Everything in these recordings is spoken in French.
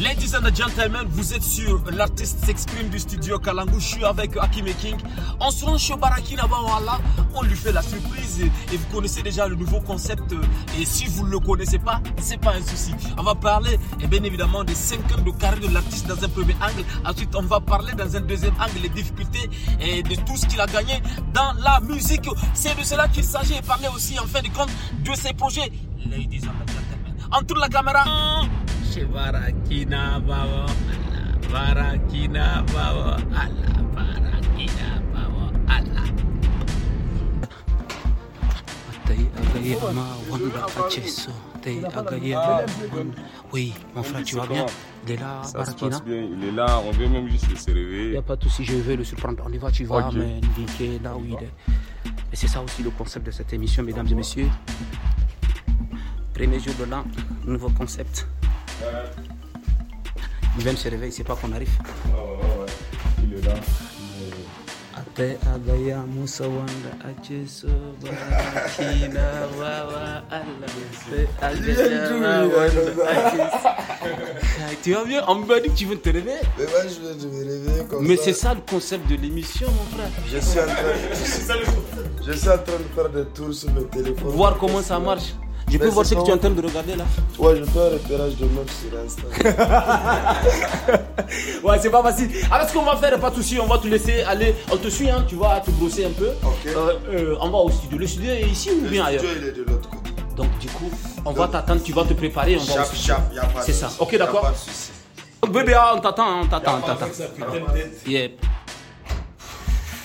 Ladies and gentlemen, vous êtes sur l'artiste s'exprime du studio Kalangu. Je suis avec Akime King. On se rend chez Baraki Nawawala, on lui fait la surprise et, vous connaissez déjà le nouveau concept. Et si vous ne le connaissez pas, c'est pas un souci. On va parler, et eh bien évidemment, des 5 ans de carrière de l'artiste dans un premier angle. Ensuite, on va parler dans un deuxième angle les difficultés et de tout ce qu'il a gagné dans la musique. C'est de cela qu'il s'agit et parler aussi, en fin de compte, de ses projets. Ladies and gentlemen, entre la caméra ce barakina baba Varakina, barakina baba Allah barakina baba Allah tai agaya ma wanda accesso ma wanda. oui mon frère tu vas bien il est là ça se passe bien il est là on vient même juste de se réveiller il n'y a pas de souci je vais le surprendre on y va tu vas mais indiquer là où il est et c'est ça aussi le concept de cette émission mesdames et messieurs premier jour de l'an nouveau concept il vient se réveiller, c'est pas qu'on arrive. ouais, ouais. Il est là. Tu vas bien On m'a dit que tu veux te réveiller. Mais moi je veux me réveiller Mais c'est ça le concept de l'émission mon frère. Je suis en train, je suis en train de faire des tours sur le téléphone. Voir comment ça marche. Je peux voir ce que tu es en train de regarder là Ouais, je fais un repérage de meuf sur Insta. ouais, c'est pas facile. Alors, ah, ce qu'on va faire, pas de soucis, on va te laisser aller. On te suit, hein, tu vas te brosser un peu. OK. Euh, euh, on va au studio. Le studio est ici ou bien ailleurs Le studio, est de l'autre côté. Donc, du coup, on va t'attendre, tu vas te préparer. On va C'est ça. Ok, d'accord. Pas Bébé, ah, on t'attend, on t'attend, on t'attend. Yep.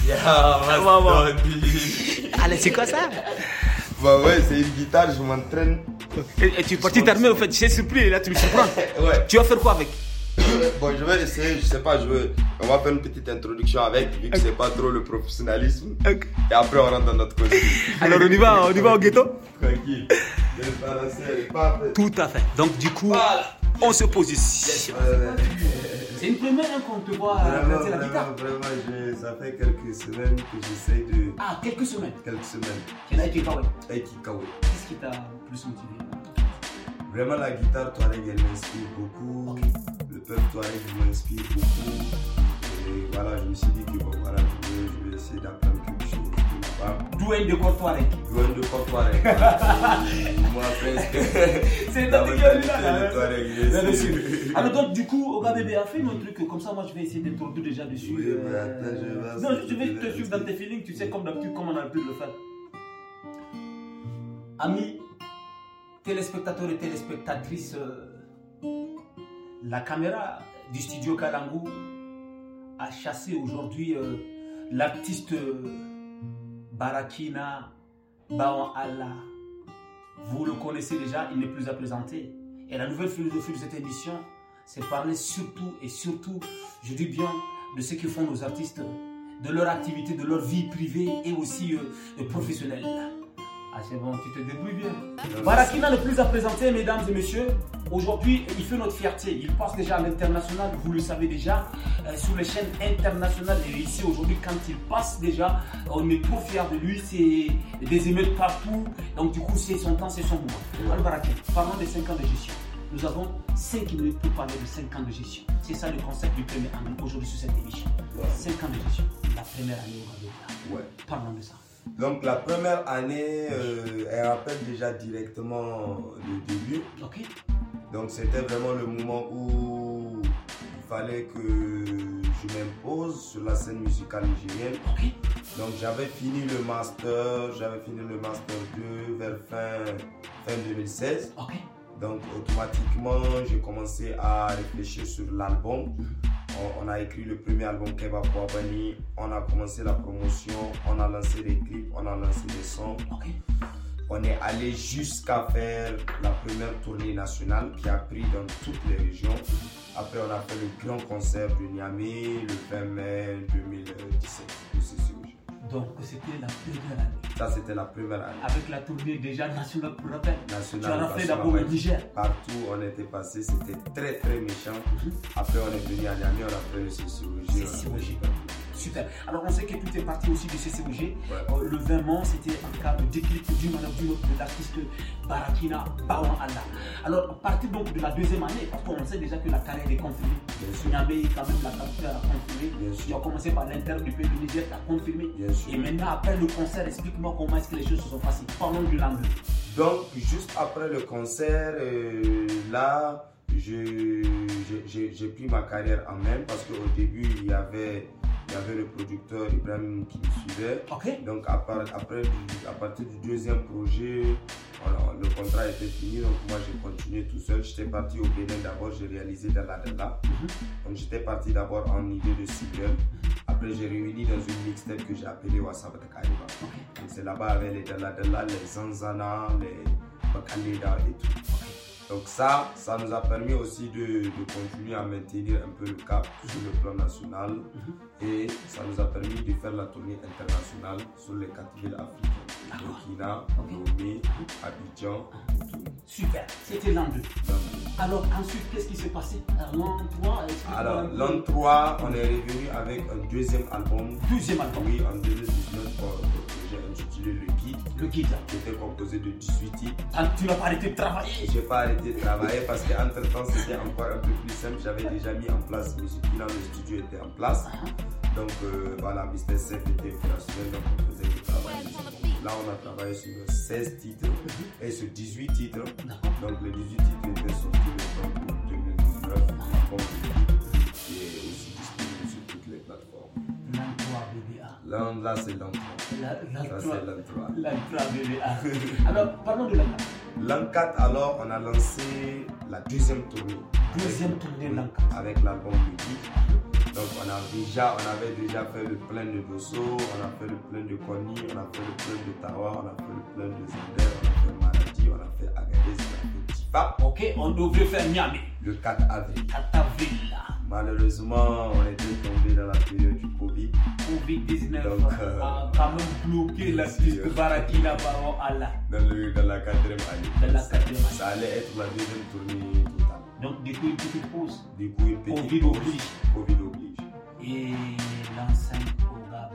Yeah, ah, Allez, c'est quoi ça bah ouais, c'est une guitare, je m'entraîne. Et, tu es parti t'armer en fait, sais surpris et là tu me surprends. ouais. Tu vas faire quoi avec Bon, je vais essayer, je sais pas, je veux... on va faire une petite introduction avec, vu que c'est pas trop le professionnalisme. Et après, on rentre dans notre costume. Alors, on y va, on y va au ghetto Tranquille. Tout à fait. Donc, du coup, on se positionne. C'est une première qu'on te voit vraiment, la vraiment, Vraiment, ça fait quelques semaines que j'essaie de. Ah, quelques semaines Quelques semaines. Aikikawe. est Qu'est-ce qui t'a plus motivé Vraiment, la guitare Touareg, elle m'inspire beaucoup. Le peuple Touareg m'inspire beaucoup. Et voilà, je me suis dit que voilà, je vais, essayer d'apprendre quelque chose. Douane de cortoire. Touareg. Douane de quoi, C'est là. Alors donc du coup, Oga bébé, a fait mon truc comme ça, moi je vais essayer d'être tout déjà dessus. je Non, je vais euh, te suivre dans tes feelings, tu sais comme d'habitude, comme on a pu de le faire. Amis, téléspectateurs et téléspectatrices, euh, la caméra du studio Kalangu a chassé aujourd'hui euh, l'artiste Barakina Baon Allah. Vous le connaissez déjà, il n'est plus à présenter. Et la nouvelle philosophie de cette émission, c'est parler surtout et surtout, je dis bien, de ce que font nos artistes, de leur activité, de leur vie privée et aussi euh, professionnelle. Ah, c'est bon, tu te débrouilles bien. Barakina ah. le plus à présenter, mesdames et messieurs. Aujourd'hui, il fait notre fierté. Il passe déjà à l'international, vous le savez déjà, euh, sur les chaînes internationales. Et ici, aujourd'hui, quand il passe déjà, on est trop fiers de lui. C'est des émeutes partout. Donc, du coup, c'est son temps, c'est son moment. al parlons des 5 ans de gestion. Nous avons 5 minutes pour parler de 5 ans de gestion. C'est ça le concept du premier année aujourd'hui sur cette émission. 5 ans de gestion. La première année au Parlons de ça. Donc la première année, euh, elle rappelle déjà directement le début. Donc c'était vraiment le moment où il fallait que je m'impose sur la scène musicale nigérienne. Donc j'avais fini le master, j'avais fini le master 2 vers fin, fin 2016. Donc automatiquement j'ai commencé à réfléchir sur l'album. Mhm on, a écrit le premier album Keba Bani, on a commencé la promotion, on a lancé les clips, on a lancé les sons. On est allé jusqu'à faire la première tournée nationale qui a pris dans toutes les régions. Après, on a fait le grand concert de Niamey le 20 mai 2017. Donc c'était la première année. Ça c'était la première année. Avec la tournée déjà nationale pour rappel. Nationale. Tu as fait d'abord le Niger. Partout on était passé, c'était très très méchant. Mhm. Après on est venu à Niamey, on a fait une chirurgie. Super. Alors on sait que tout est parti aussi du CCBG. Euh, le 20 mai, c'était un cas de déclic d'une manière d'une autre de l'artiste Barakina Bawan Allah. Alors à partir donc de la deuxième année, on sait déjà que la carrière est confirmée. Sunyame est quand même la capture à confirmer. Tu as commencé par l'Inter du pays du Niger, tu confirmé. Et maintenant après le concert, explique-moi comment est-ce que les choses se sont passées. Parlons du lendemain. Donc juste après le concert, euh, là j'ai pris ma carrière en main parce qu'au début, il y avait il y avait le producteur Ibrahim qui me suivait. Donc à, après, à partir du deuxième projet, le contrat était fini, donc moi j'ai continué tout seul. J'étais parti au Bénin d'abord, j'ai réalisé Dalla Dalla. Mhm. Donc j'étais parti d'abord en idée de single. Après j'ai réuni dans une mixtape que j'ai appelée Wasabatakariba, Donc c'est là-bas avec les Dalla les Zanzana, les Bakaleda et tout. Donc ça, ça nous a permis aussi de, continuer à maintenir un peu le cap sur le plan national mhm. et ça nous a permis de faire la tournée internationale sur les quatre villes africaines. Ah Burkina, Lomé, Abidjan, Super, c'était l'an 2. Alors ensuite, qu'est-ce qui s'est passé euh, L'an 3 Alors l'an 3, on est revenu avec un deuxième album. Deuxième album Oui, en 2019. Le kit, Le Qui était composé de 18 titres. Ah, tu n'as pas arrêté de travailler J'ai pas arrêté de travailler parce qu'entre temps, c'était encore un peu plus simple. J'avais déjà mis en place Music studio, le studio était en place. Ah, ah. Donc euh, voilà, Mister Sef était opérationnel, donc on faisait du travail. Là, on a travaillé sur 16 titres et sur 18 titres. Donc les 18 titres étaient sortis le 2019. Là, là c'est l'an 3. c'est l'an 3. Alors, parlons de l'an 4. L'an 4, alors, on a lancé la deuxième tournée. Deuxième tournée, l'an 4. Avec l'album Ludique. Donc, on, a déjà, on avait déjà fait le plein de Bosso, on a fait le plein de Kony, on a fait le plein de Tawa, on a fait le plein de Zander, on a fait Maradi, on a fait Agadez, on a fait Tifa. Ok, on devrait faire Miami. Le 4 avril. 4 avril, Malheureusement, on était tombé dans la période du Covid-19 Donc, euh, a quand même bloqué la piste de Barakina Baron Allah. Dans, la quatrième année. Dans la quatrième année. Ça allait être la deuxième tournée totale. Donc, du coup, une petite pause. Du coup, une petite Covid oblige. Covid oblige. Et l'enceinte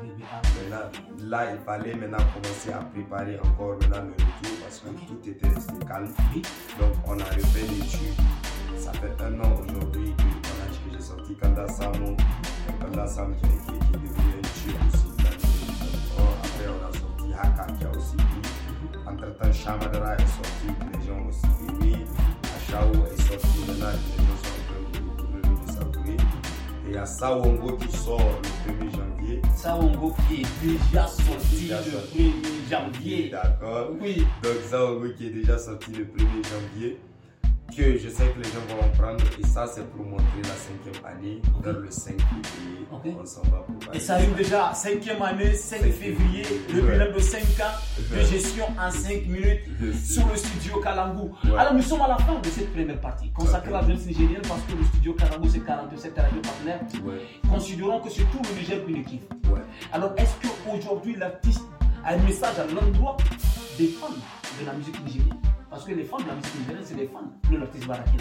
Bébé Maintenant, là, il fallait maintenant commencer à préparer encore maintenant le retour parce que tout était resté calme. Donc, on a refait les tubes. Ça fait un an aujourd'hui que j'ai sorti Kanda Samu. Mhm. Kanda Samu qui, qui est on a a aussi Entre temps est Les gens ont Et Sawongo qui sort le 1er janvier. Sawongo qui est déjà sorti le 1er janvier. D'accord. Oui. Donc Sawongo qui est déjà sorti le 1er janvier. Que je sais que les gens vont en prendre. Et ça, c'est pour montrer la cinquième année dans le 5 février. Et ça arrive déjà, cinquième année, 5 février, le bilan de 5 ans de gestion en 5 minutes sur le studio Kalangu. Alors nous sommes à la fin de cette première partie consacrée à la jeunesse nigérienne parce que le studio Kalangu c'est 47 radios partenaires. Considérons que c'est tout le Niger équipe Alors est-ce qu'aujourd'hui l'artiste a un message à l'endroit des fans de la musique nigérienne Parce que les fans de la musique nigérienne, c'est les fans de l'artiste Baraki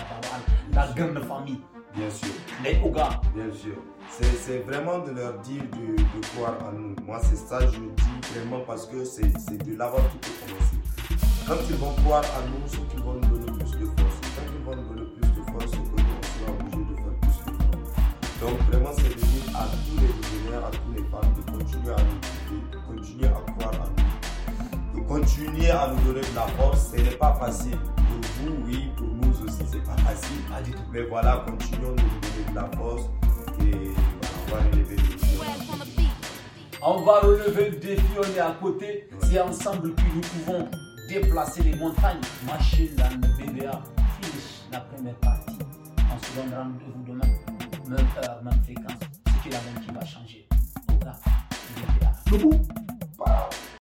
la grande famille. Bien sûr. Les Oga. Bien sûr c'est vraiment de leur dire de, croire en nous. Moi, c'est ça, je dis vraiment parce que c'est de l'avant tout peut commencer. Quand ils vont croire en nous, c'est qu'ils vont nous donner plus de force. Quand ils vont nous donner plus de force, c'est que nous, on sera obligé de faire plus de force. Donc, vraiment, c'est de dire à tous les visionnaires, à tous les femmes de continuer à nous, de continuer à croire en nous. De continuer à nous donner de la force, ce n'est pas facile. Pour vous, oui, pour nous aussi, ce n'est pas facile. Mais voilà, continuons de nous donner de la force. On va relever le défi, on est à côté. C'est ensemble que nous pouvons déplacer les montagnes. Marcher dans le BBA. Finish la première partie. On se rendra rendez-vous demain. Même heure, même fréquence. C'est la même qui va changer. Au BBA. Le bout.